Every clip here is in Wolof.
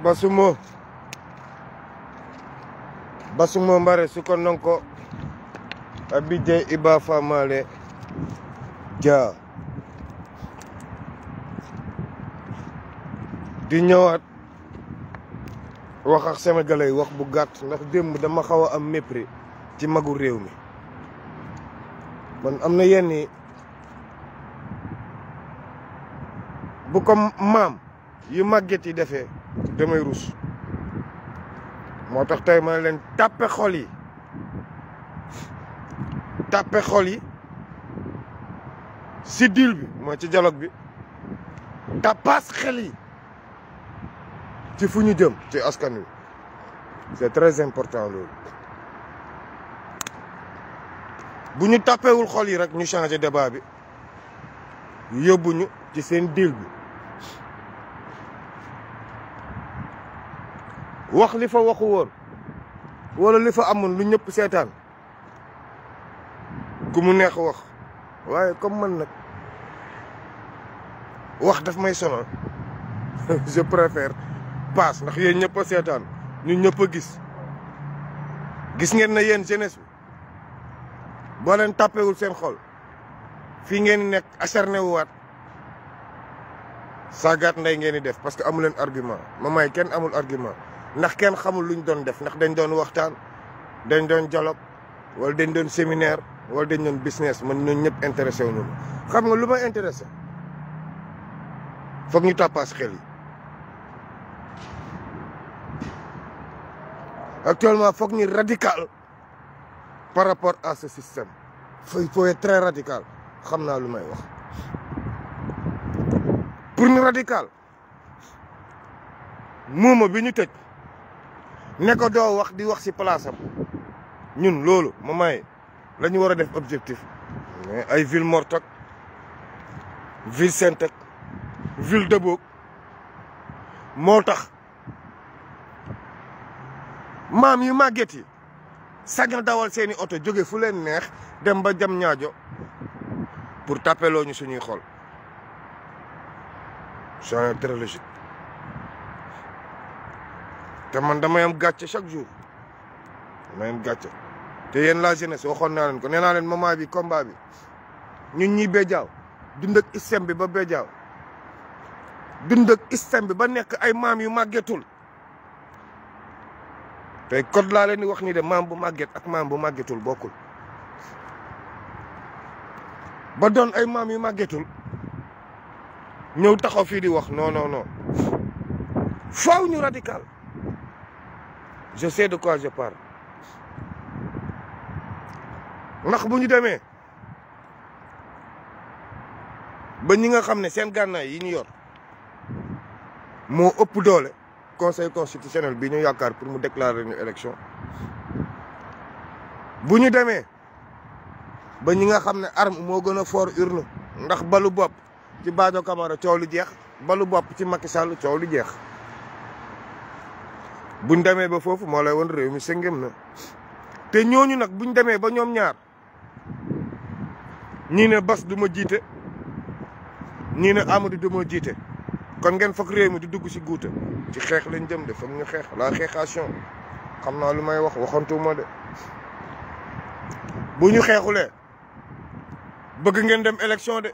basumo basumo mbare suko nonko abidjan iba famale dia di ñëwaat wax ak sénégalais yi wax bu gàtt ndax démb dama xaw a am mépris ci magu réew mi man am na yenni bu ko maam yu màgget yi defee damay ruus moo tax tey ma leen tàppe xol yi tàppe xol yi si deal bi mooy ci dialogue bi tàppaas xel yi ci fu ñu jëm ci askan wi c'est très important loolu bu ñu tàppewul xol yi rek ñu changer débat bi yóbbuñu ci seen deal bi wax li fa waxu woon wala li fa amoon lu ñëpp seetaan ku mu neex wax waaye comme man nag wax daf may sonal je préfère paas ndax yéen ñëpp a seetaan ñun ñëpp a gis gis ngeen na yéen jeunesse bi boo leen tàppewul seen xool fii ngeen nekk acharné wuwaat saagaat nday ngeen ni def parce que amu leen argument ma may kenn amul argument ndax kenn xamul ñu doon def ndax dañ doon waxtaan dañ doon dialogue wala dañ doon séminaire wala dañ doon business man ñooñu ñëpp intéressé wu ñu xam nga lu ma intéressé foog ñu tàppaas xel yi. actuellement foog ñu radical par rapport à ce système. il faut être très radical xam naa lu may wax pour ñu radical muuma bi ñu tëj. ne ko doo wax di wax si place ñun loolu ma may la ñu war a def objectif mais ay ville morte ak ville sainte ak ville dëboog moo tax maam yu màgget yi saña dawal seeni oto jóge fu leen neex dem ba jam ñaajo pour tàppeloo ñu suñuy xool c'est très logique te man damay am gàcce chaque jour damay am te yéen la jeunesse waxoon naa leen ko nee moment bi combat bi ñun ñii béjaaw dund ak système ba béjaaw dund ak ba nekk ay maam yu màggetul te code laa leen di wax ni de maam bu màgget ak maam bu màggetul bokkul ba doon ay maam yu màggetul ñëw taxaw fii di wax non non faaw ñu radical je sais de quoi je parle ndax bu ñu demee ba ñi nga xam ne seen gànnaay yi ñu yor moo ëpp doole conseil constitutionnel bi ñu yaakaar pour mu déclarer ñu élection bu ñu demee ba ñi nga xam ne arme moo gën a foor urnu ndax balu bopp ci Badio Camara coow lu jeex balu bopp ci Macky Sall coow lu jeex buñ demee ba foofu moo lay woon réew mi sëngëm na te ñooñu nag buñ demee ba ñoom ñaar ñii ne Bass du ma jiite ñii ne Amadou du ma jiite kon ngeen foog réew mi di dugg si guuta ci xeex lañ jëm de foog ñu xeex la xeexation xam naa lu may wax waxantuma de bu ñu xeexulee bëgg ngeen dem élection de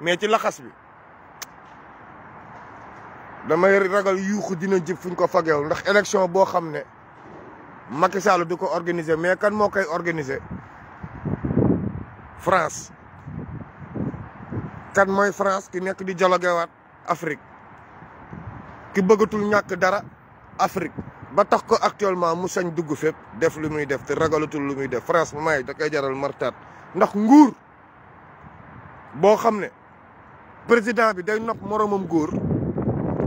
mais ci laxas bi damay ragal yuuxu dina jib fuñ ko fageewul ndax élection boo xam ne Macky di ko organiser mais kan moo koy organiser France kan mooy France ki nekk di jalogewaat Afrique ki bëggatul ñàkk dara Afrique ba tax ko actuellement mu sañ dugg fépp def lu muy def te ragalatul lu muy def France mu may da koy jaral martaat ndax nguur boo xam ne président bi day nopp moroomam góor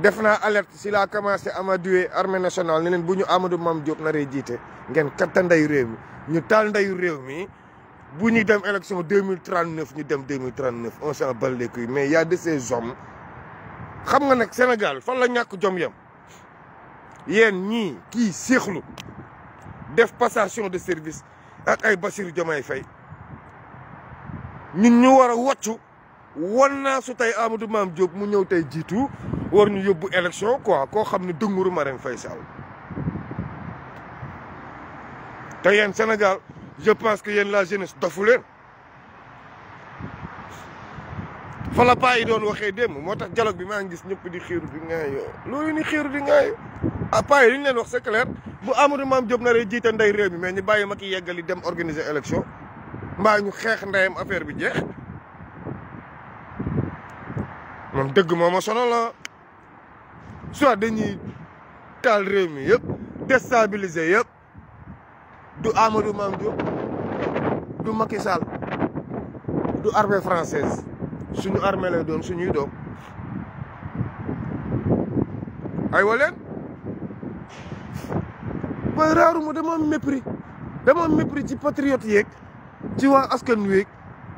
def naa alerte si laa commencé ama duwee armée nationale ne leen bu ñu Amadou Mame Diop naree jiite ngeen katta ndeyu réew mi ñu taal ndeyu réew mi bu ñuy dem élection deux mille trente neuf ñu dem deux mille trente neuf on s'en bat les couilles mais y a de xam nga nag Sénégal fan la ñàkk jom yam yéen ñii kii séexlu def passation de service ak ay Bassirou Diomaye Faye ñu ñu war a wàccu wan naa su tey Amadou Mame Diop mu ñëw tey jiitu war ñu yóbbu élection quoi koo xam ne dënguru Marème Faye Sall te yéen Sénégal je pense que yéen la jeunesse dofu leen fa la yi doon waxee démb moo tax dialogue bi maa ngi gis ñëpp di xiiru di ŋaayoo loolu ni xiiru di ŋaayoo ah paa yi li ñu leen wax c'est bu bu Amadou Mame na naree jiita ndey réew mi mais ñu bàyyi ma ki yeggali dem organiser élection mbaa ñu xeex ndeyam affaire bi jeex man dëgg moo ma sonal la ah. soit dañuy taal réew mi yëpp déstabiliser yëpp du Amadou Mame Diop du Macky du armée française suñu armée lay doon suñuy doom ay waleen booy raaru ma dama mépris dama am mépris ci patriote yeeg ci waa askan wi yeeg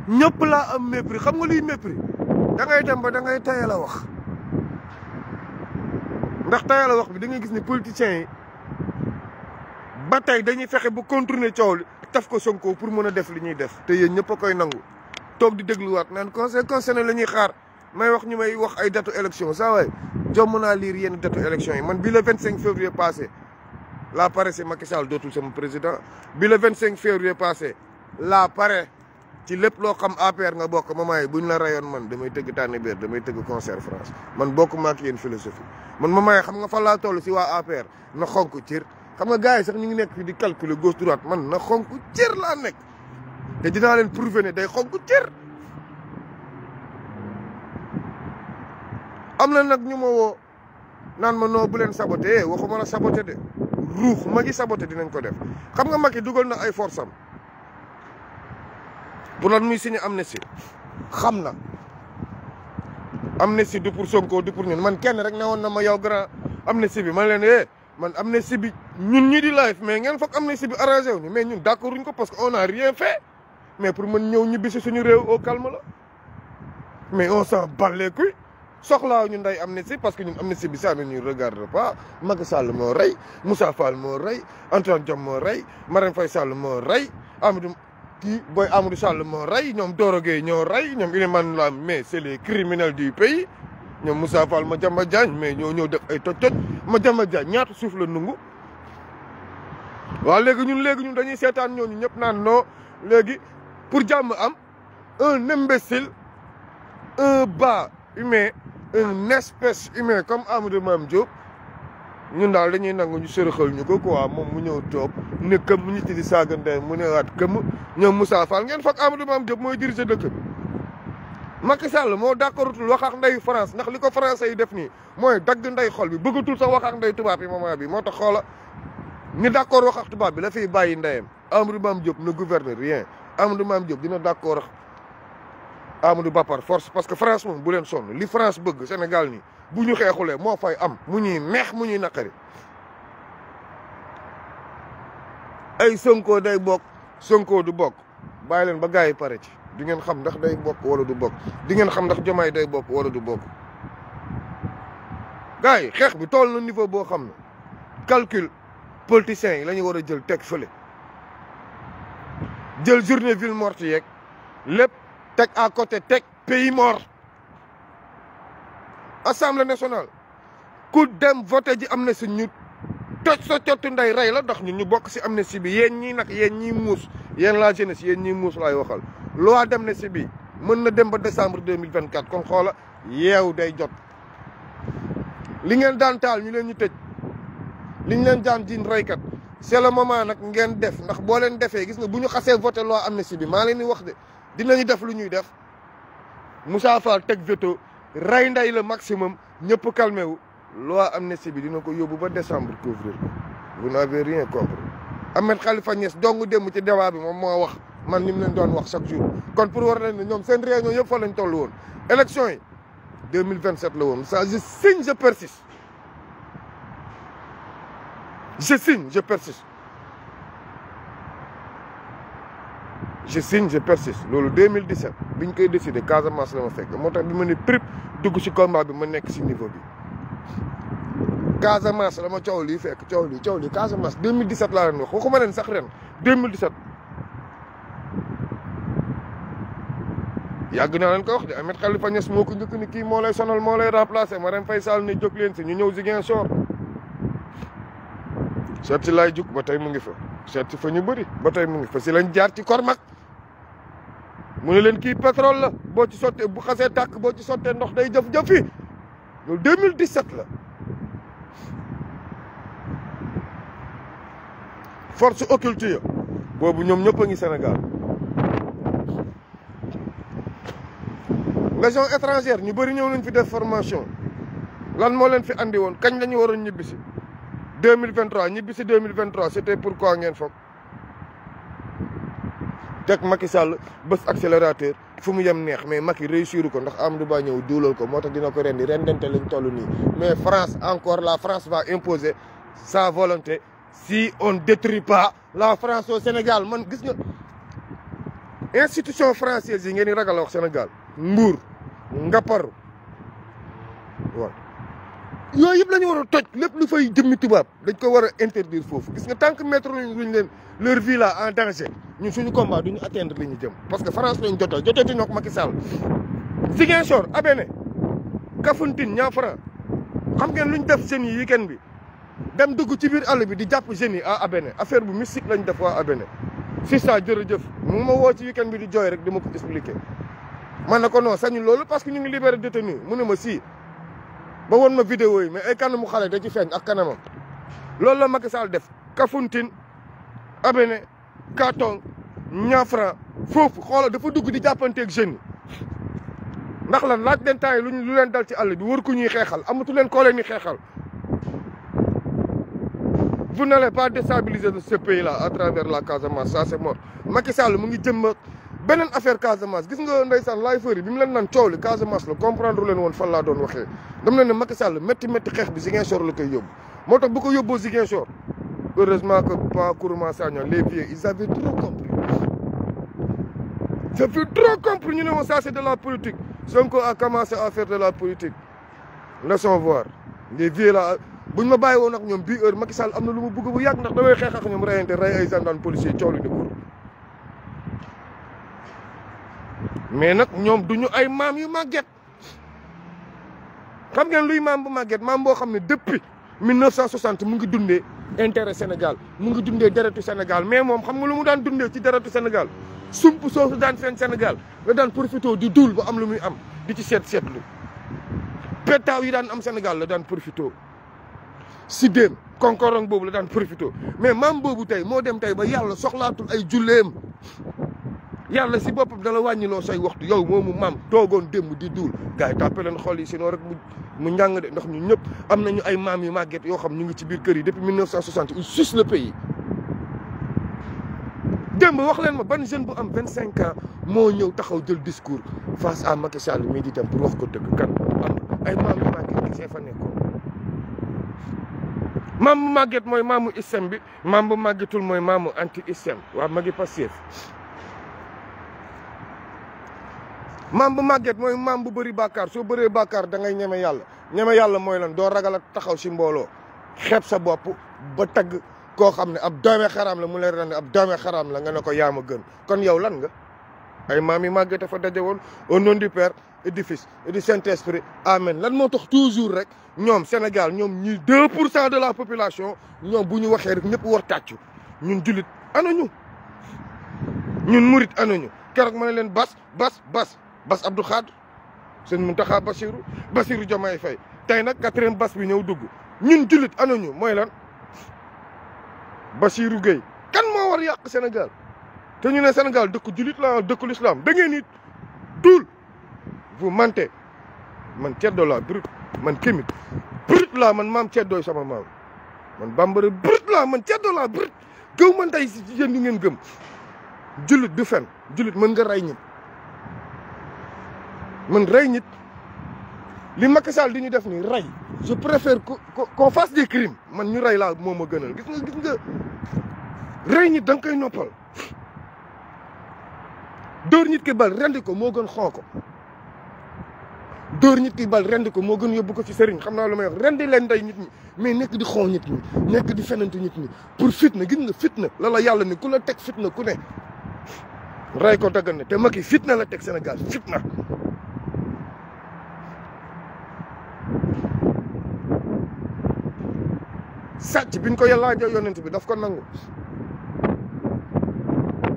ñëpp laa am mépris xam nga luy mépris da ngay dem ba da ngay tayal a wax ndax tayal wax bi da ngay gis ni politiciens yi ba tey dañuy fexe ba contourner coow li taf ko Sonko pour mën a def li ñuy def te yéen ñëpp koy nangu toog di dégluwaat naan conseil concerné la ñuy xaar may wax ñu may wax ay datu élection saa waay jomm naa liir yenn datu élection yi man bi le vingt cinq février passé laa pare si Macky Sall dootul sama président bi le vingt cinq février passé laa pare ci lépp loo xam APR nga bokk maman yi bu ñu la rayoon man damay tëgg tànn biir damay tëgg concert France man bokk ma ak yéen philosophie man ma yi xam nga fan toll si waa APR na xonk cër xam nga gars sax ñu ngi nekk fi di calculer gauche man na xonk cër laa nekk te dinaa leen prouver ne day xonk cër am na nag ñu ma woo naan ma noo bu leen saboté waxuma la saboté de ruux magi saboté dinañ ko def xam nga magi dugal na ay force pour lan muy signé amnistie xam na amnistie du pour Sonko du pour ñun man kenn rek ne woon na ma yow grand amnistie bi man leen eh man amnistie bi ñun ñi di live mais ngeen foog amnistie bi arrangé wu ñu mais ñun d'accord ko parce que on a rien fait mais pour man ñëw ñibbi si suñu réew au calme la mais on s'en bat les couilles soxlaaw ñu nday amnistie parce que ñun amnistie bi ça ne ñu regarde pas Macky Sall moo rey Moussa Fall moo rey Antoine Diome moo rey Marème Faye Sall moo rey Amadou kii booy Amadou Sall ray rey ñoom Doro Gueye ñoo rey ñoom Ilimane Lam mais c'est les criminels du pays ñoom Moussa Fall Madiambal Diagne mais ñoo ñëw def ay toj-toj Madiambal Diagne ñaata suuf la nungu waaw léegi ñun léegi ñun dañuy seetaan ñooñu ñëpp naan noo léegi pour jàmm am un imbécile un bas humain une espèce humaine comme Amadou maam Diop ñun daal dañuy nangu ñu sërëxal ñu ko quoi moom mu ñëw toog ne këm nit ñoom Moussa Fall ngeen foog Amadou Mame Diop mooy diriger dëkk bi. Macky Sall moo d'accordutul wax ak ndeyu France ndax li ko français yi def nii mooy dagg ndey xol bi bëggatul sax wax ak ndey tubaab yi moment bi moo tax xoola ñu d'accord wax ak tubaab bi la fiy bàyyi ndeyam Amadou Mame Diop ne gouverne rien Amadou Mame Diop dina d'accord Amadou Ba par force parce que France moom bu leen sonn li France bëgg Sénégal nii. bu ñu xeexulee moo fay am mu ñuy neex mu ñuy naqari ay Sonko day bokk Sonko du bokk bàyyi leen ba gars yi pare ci di ngeen xam ndax day bokk wala du bokk di ngeen xam ndax jomaay day bokk wala du bokk gars yi xeex bi tool na niveau boo xam ne calcul politiciens yi lañuy ñu war a jël teg fële jël journée ville morte yeeg lépp teg à côté teg pays mort assemblée nationale ku dem voté ji am amnistie ñu toj sa cottu ndey rey la ndax ñun ñu bokk si am amnistie bi yéen ñii nag yéen ñii muus yéen la jeunesse yéen ñii muus laay waxal loi si bi mën na dem ba décembre deux mille vingt quatre kon xoola yeew day jot li ngeen daan taal ñu leen ñu tëj li ñu leen daan jiin reykat c'est le moment nag ngeen def ndax boo leen defee gis na bu ñu xasee voté na si bi maa leen di wax de dinañu def lu ñuy def musa Fall teg veto ray nday la maximum ñëpp calmé wu am amnistie bi dina ko yóbbu ba décembre couvrir ko vous n'avez rien compris Ahmed Khalifa Niass dong dem ci débat bi moom moo wax man ni mu leen doon wax chaque jour kon pour war leen ne ñoom seen réunion yëpp fa lañ toll woon élection yi 2027 la woon ça je signe je persiste je je persiste je signe per persiste loolu 2017 bi ñu koy décidé Casamance la ma fekk moo tax bi ma ne prip dugg ci combat bi ma nekk ci niveau bi Casamance la ma coow lii fekk coow lii coow lii Casamance 2017 laa leen wax waxuma leen sax ren 2017. yàgg naa leen ko wax de Ahmed Khalifa Niass moo ko njëkk ni kii moo lay sonal moo lay remplacé Marème Faye Sall ne jóg leen si ñu ñëw Ziguinchor. seet si laay jug ba tey mu ngi fa set si fa ñu bëri ba tey mu ngi fa lañ jaar ci Kormak mu ne leen kii pétrole la boo ci sottee bu xasee tàkk boo ci sottee ndox day jëf mille loolu 2017 la force occulte ya boobu ñoom ñëpp a ngi Sénégal légion étrangère ñu bari ñëw nañ fi def formation lan moo leen fi andi woon kañ la ñu waroon ñibbisi 2023 ñibbisi 2023 c'était pourquoi ngeen foog teg Macky Sall bés accélérateur fu mu yem neex mais Macky réussir ko ndax Amadou Ba ñëw duulal ko moo tax dina ko rendi rendente lañ toll nii mais France encore la France va imposer sa volonté si on détruit pas la France au Sénégal man gis nga institution française yi ngeen di ragal wax Sénégal mbuur ngapparu waaw yooyu yëpp lañu ñu war a toj lépp lu fay mi tubaab dañ ko war a interdire foofu gis nga tant que mettre luñ leen leur vie là en danger ñun suñu combat ñu atteindre li ñu jëm parce que France lañ jotee jotee di noog Macky Sall Ziguinchor Abéné ñaa Niafra xam ngeen ñu def jeunes yi weekend bi dem dugg ci biir àll bi di jàpp jeunes yi à Abéné affaire bu mystique lañ def waa Abéné si ça jërëjëf mu ma woo ci weekend bi di jooy rek dama ko expliquer man na ko noo sañu loolu parce que ñu ngi libéré détenu mu ne ma si ba won ma vidéo yi mais ay kanamu xale da ci ak kanamam loolu la Macky Sall def Kafountine Abene Katong Niafra foofu xoola dafa dugg di jàppanteeg jeunes ndax lan laaj leen temps yi lu leen dal ci àll bi war ku ñuy xeexal amatu leen koo leen xeexal vous n'allez pas déstabiliser ce pays là à travers la Casamance ça c'est mort Macky Sall mu ngi jëm beneen affaire Casamance gis nga ndeysaan laay fëri bi mu leen naan coow li Casamance la comprendre leen woon fan laa doon waxee dam leen ne Macky Sall métti xeex bi Ziguinchor la koy yóbbu moo tax bu ko yóbboo Ziguinchor heureusement que pas Kourouma Sagna les vieux ils avaient trop compris ñu ne woon ça de la politique Sonko a commencé à de la politique laissons voir les vieux là buñ ma bàyyi woon ak ñoom bii heure Macky Sall am na lu mu bëgg bu mais nag ñoom duñu ay maam yu màgget xam ngeen luy maam bu màgget maam boo xam ne depuis 1960 mu ngi dundee intérêt Sénégal mu ngi dundee deretu Sénégal mais moom xam nga lu mu daan dundee ci deretu Sénégal sump soosu daan seen Sénégal la daan profité di duul ba am lu muy am di ci seet seetlu pétaaw yi daan am Sénégal la daan si siddéem konkorong boobu la daan profité mais maam boobu tey moo dem tey ba yàlla soxlaatul ay julleem yàlla si boppam dala wàññiloo say waxtu yow moomu maam toogoon démb di duul gars yi tàppe leen xol yi sinon rek mu mu njàng de ndax ñun ñëpp am nañu ay maam yu màgget yoo xam ñu ngi ci biir kër yi depuis 1960 ils sucent le pays. démb wax leen ma ban jeune bu am vingt 25 ans moo ñëw taxaw jël discours face à Macky Sall mii di dem pour wax ko dëgg kan am ay maam yu màgget yi see fa nekkoon. maam bu màgget mooy maamu ISEM bi maam bu màggetul mooy maamu anti waa magi Pastef maam bu màgget mooy maam bu bëri bàkkaar soo bëree bàkkaar da ngay ñeme yàlla ñeme yàlla mooy lan doo ragal a taxaw si mbooloo xeeb sa bopp ba tagg koo xam ne ab doome xaraam la mu leer ne ab doome xaraam la nga ne ko yaam a gën kon yow lan nga ay maam yi màgget dafa daje woon au nom di Père et di Fils et du Saint-Esprit amen lan moo tax toujours rek ñoom Sénégal ñoom ñii deux pour cent de la population ñoom bu ñu waxee rek ñëpp war tàccu ñun jullit anuñu ñun murit Bass Abdou Khadre sëñ Mountakha Bassirou Bassirou Diomaye Faye tey nag quatrième Bass bi ñëw dugg ñun jullit anañu mooy lan Bassirou Gueye kan moo war yàq Sénégal te ñu ne Sénégal dëkk jullit la dëkk l'islam da ngeen it tuul vous mentez man ceddo laa brut man kémit brut laa man maam ceddooy sama maam man bambara brut man ceddo si yéen ñu ngeen gëm jullit du fen jullit mën nga rey man rey nit li Macky Sall di ñu def nii rey je préfère que qu'on fasse des crimes man ñu rey laa moo ma gënal gis nga gis nga rey nit da nga koy noppal dóor ñit ki bal rendi ko moo gën xoo ko dóor nit ki bal rendi ko moo gën yóbbu ko ci sëriñ xam naa lu may wax leen day nit ñi mais nekk di xoo nit ñi nekk di fenantu nit ñi pour fitna gis nga fitna la la yàlla ni ku la teg fitna ku ne rey ko daggan ne te Macky fitna la teg Sénégal fitna sàcc biñ ko laajee yonent bi daf ko nangu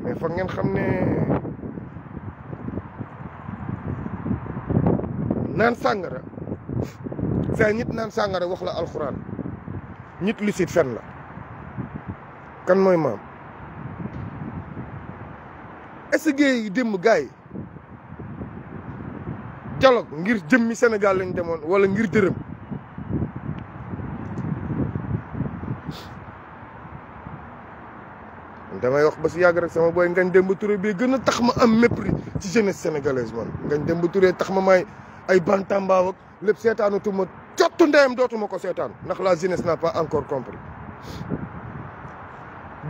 mais fa ngeen xam ne naan sàngara fee nit naan sàngara wax la alxuraan ñit lu siit fen la kan mooy maam est-ce que démb gars yi ngir jëmmi Sénégal lañ demoon wala ngir dërëm damay wax ba si yàgg rek sama booy Ngagne Demba Touré bii gën a tax ma am mépris ci jeunesse sénégalaise man Ngagne Demba Touré tax ma may ay bantambaaw ak lépp seetaanutuma cottu ndeyam dootuma ko seetaan ndax la jeunesse n'a pas encore compris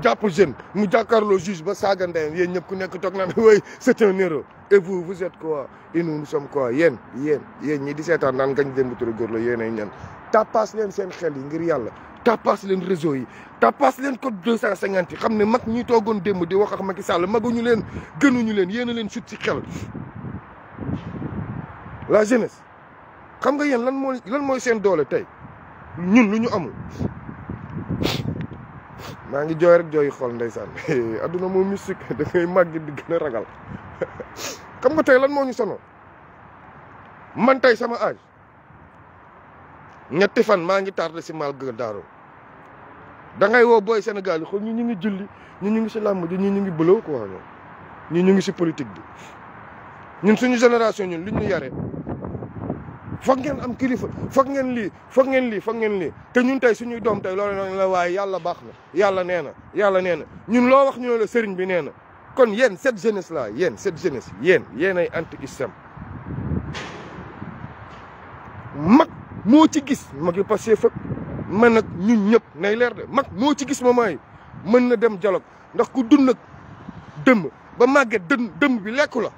jàpp jeune mu jàkkaarloo juge ba saaga ndeyam yéen ñëpp ku nekk toog naan way c'est un héros et vous vous êtes quoi et nous nous sommes quoi yéen yéen yéen ñi di seetaan naan Ngagne Demba Touré góor la yéen ay ñan tappaas leen seen xel yi ngir yàlla tapas leen réseau yi tapas leen code deux cent cinquante yi xam ne mag ñi toogoon démb di wax ak Macky Sall maguñu leen gënuñu leen yéen leen sut si xel la jeunesse xam nga yéen lan mooy lan mooy seen doole tey ñun lu ñu amul maa ngi jooy rek jooy xool ndeysaan adduna moo mystique da ngay màgg di gën a ragal xam nga tey lan moo ñu sono man tey sama âge ñetti fan maa ngi tardé si Malgré Daro da ngay woo booy Sénégal yi xool ñi ñu ngi julli ñu ñu ngi si làmb ji ñu ñu ngi bëloo ko ñoom ñu ñu ngi si politique bi ñun suñu génération ñun liñ ñu yaree foog ngeen am kilifa foog ngeen lii foog ngeen lii foog ngeen lii te ñun tey suñuy doom tey loolu noonu la waaye yàlla baax na yàlla nee na yàlla nee na ñun loo wax ñoo la sëriñ bi nee na kon yéen cette jeunesse là yéen cette jeunesse yéen yéen ay anti islam mag moo ci gis mag yu passé fëpp man nag ñun ñëpp nay leer de mag moo ci gis moment yi mën na dem dialogue ndax ku dund nag dëmm ba màgget dën dëmm bi lekku la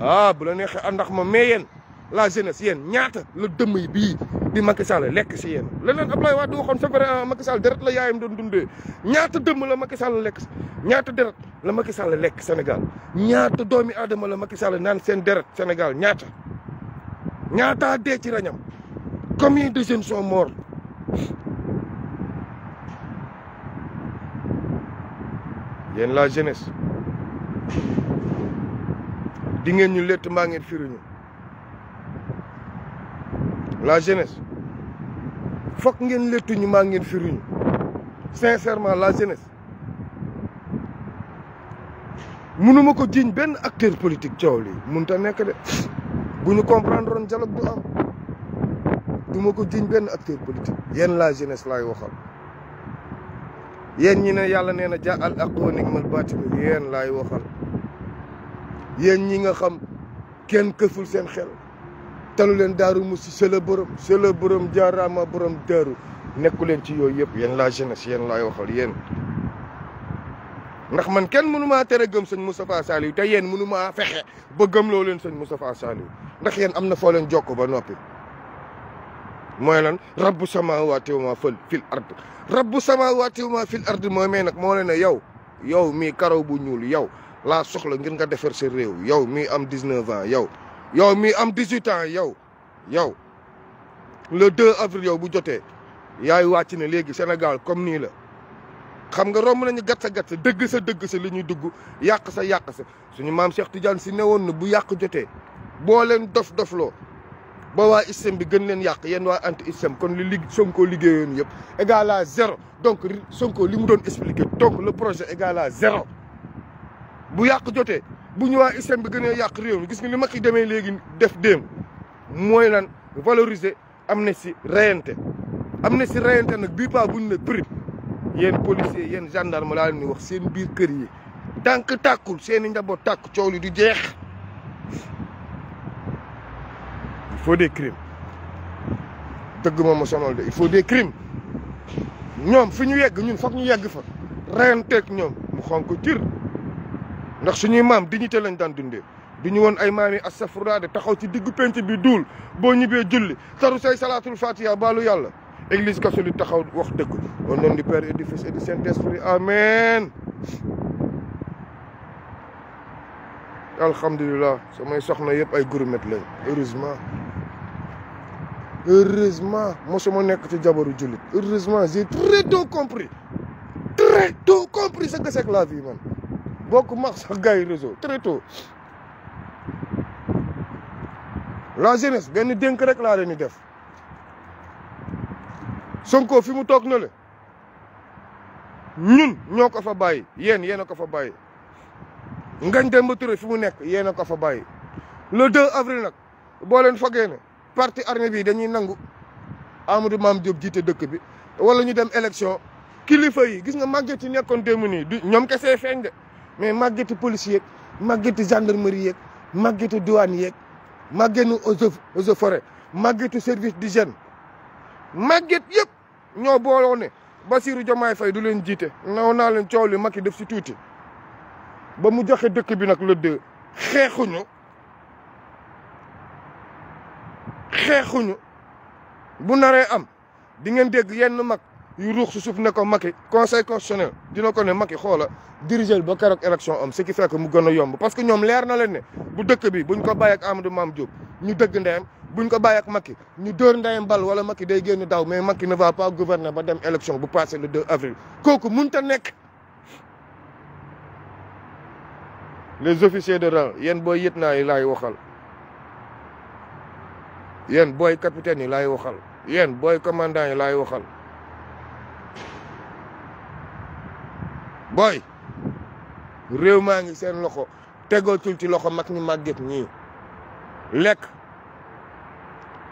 ah bu la neexee àndax ma mais yéen la jeunesse yéen ñaata la dëmm yi bii di Macky Sall lekk si yéen leneen Ablaye Wade waxoon c'est vrai ah, Macky Sall deret la yaayam doon dundee ñaata dëmm la Macky Sall lekk ñaata deret la Macky Sall lekk Sénégal ñaata doomi aadama la Macky Sall naan seen deret senegal ñaata ñaata dee ci rañam Combien de jeunes sont morts yéen la jeunesse di ngeen ñu létt mbaa ngeen firiñu la jeunesse foog ngeen léttuñu maa ngeen firiñu sincèrement la mun mënuma ko jiiñ benn acteur politique coow li mënut a nekk de bu ñu comprendre woon dialogue du am du ma ko jiñ benn acteur politique yéen la jeunesse laay waxal yéen ñi ne yàlla nee na ja al haqq wa ni'mal baatil yéen laay waxal yéen ñi nga xam kenn këful seen xel talu leen daaru musi c'est le borom c'est le borom daaru nekku leen ci yooyu yëpp yéen la jeunesse yéen laay waxal yéen ndax man kenn mënu maa tere gëm sëñ Moustapha Saliou te yéen mënu maa fexe ba gëm loo leen sëñ Moustapha Saliou ndax yéen am na fooleen leen ba noppi mooy lan rabbu samaawaati wa ma fil ard rabbu samaawaati wa ma fil ard mooy mais nag moo leen ne yow yow mii karaw bu ñuul yow laa soxla ngir nga defar sa réew yow mii am 19 ans yow yow mii am 18 ans yow yow le 2 avril yow bu jotee yaay wàcc na léegi Sénégal comme nii la xam nga romb nañu gat sa gat sa dëgg sa dëgg sa li ñuy dugg yàq sa yàq sa suñu maam Cheikh Tidiane si newoon na bu yàq jotee boo leen dof dofloo ba waa ISEM bi gën leen yàq yéen waa anti ISEM kon li li Sonko liggéeyoon yëpp égal à zéro donc Sonko li mu doon expliqué donc le projet égal à zéro bu yàq jotee bu ñu waa ISEM bi gën a yàq réew mi gis nga li ma ki demee léegi def déem mooy lan valoriser am na si reyante am na si reyante nag bii pas buñ ne prix yéen policiers yéen gendarme laa leen wax seen biir kër yi tant takkul tàkkul seen i njaboot takk coow li du jeex faut de crimes dëgg moom ma sonal de il faut des crimes ñoom fi ñu yegg ñun foog ñu yegg fa reyanteeg ñoom mu xonq tir ndax suñuy maam dignité lañ daan dundee du ñu woon ay maam yi astafurlaa de taxaw ci diggu penc bi duul boo ñibbee julli taru say salaatul fatiha baalu yàlla église catholique taxaw wax dëgg au nom du Père et du Fils et du Saint-Esprit amen alhamdulilah samay soxna yëpp ay gurmet lañ heureusement heureusement mosuma nekk ci jabaru jullit heureusement j'ai très tôt compris très to compris ce que c'est que la vie man bokk mag sax réseau très tôt la jeunesse benn dénk rek laa leen ni def Sonko fi mu toog na ñun ñoo ko fa bàyyi yéen yéen a ko fa bàyyi Ngagne dem Touré fi mu nekk yéen a ko fa bàyyi le 2 avril nag boo leen fogee ne parti armée bi dañuy nangu Amadou Mame Diop jiite dëkk bi wala ñu dem élection kilifa yi gis nga màgget yi nekkoon démb nii du ñoom kese feeñ de mais màggeti policier yeeg màggeti gendarmerie yeeg màggeti douane yeeg màggenu eaux et service di service d'hygiène màgget yëpp ñoo booloo ne Bassirou Diomaye Faye du leen jiite. naw naa leen coow li Macky def si tuuti ba mu joxe dëkk bi nag le deux xeexuñu. xeexuñu bu naree am di ngeen dégg yenn mag yu ruux su suuf ne ko Macky conseil constitutionnel dina ko ne Macky xoola dirigeel ba keroog élection am ce qui fait que mu gën a yomb parce que ñoom leer na leen ne bu dëkk bi buñ ko bàyyi ak Amadou Mame Diop ñu dëgg ndeyam buñ ko bàyyi ak Macky ñu dóor ndeyam bal wala Macky day génn daw mais Macky ne va pas gouverner ba dem élection bu passé le 2 avril kooku mënut a nekk. les officiers de rang yéen booy yët naa yi laay waxal. yéen booy capitaine yi lay waxal yéen booy commandant yi laay waxal booy réew maa ngi seen loxo tegootul ci loxo mag ñu màgget ñii lekk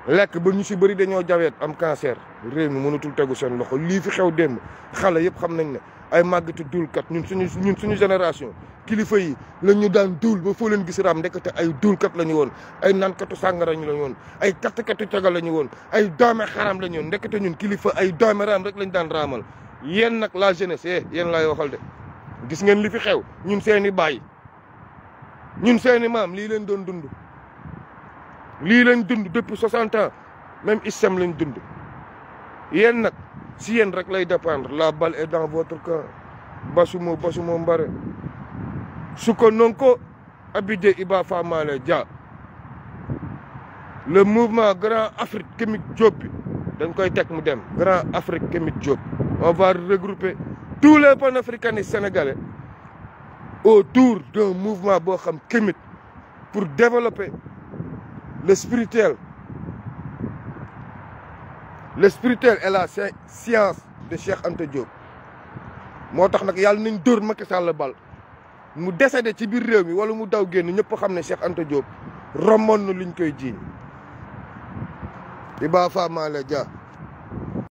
lekk ba ñu si bëri dañoo jaweet am cancer réew mi mënatul tegu seen loxo lii fi xew démb xale yëpp xam nañ ne ay màggatu duulkat ñun suñu ñun suñu génération kilifa yi lañ ñu daan duul ba foo leen gis raam ndekete ay duulkat la ñu woon ay nankatu sàngara ñu la ñu woon ay kattakatu caga la ñu woon ay doome xaram la ñu woon ndekete ñun kilifa ay doome raam rek lañ daan raamal yéen nag la jeunesse eh yéen laay waxal de gis ngeen li fi xew ñun seeni baay ñun seen maam lii leen doon dund lii lañ dund depuis soixante ans même système lañ dund yéen nag si yéen rek lay dépendre la balle est dans votre camp basumo basumo mbare suko nonko abidé iba famale dia le mouvement grand afrique kémique Diop bi dañ koy teg mu dem grand afrique kémique Diop on va regrouper tous les panafricanistes sénégalais autour d'un mouvement boo xam kémique pour développer le spirituel. Le spirituel est la science de Cheikh Anta Diop moo tax nag yàlla nañ dóor Macky Sall bal mu décédé ci biir réew mi wala mu daw génn ñëpp xam ne Cheikh Anta jóob romboon na luñ koy jiiñ di baa faamaale ja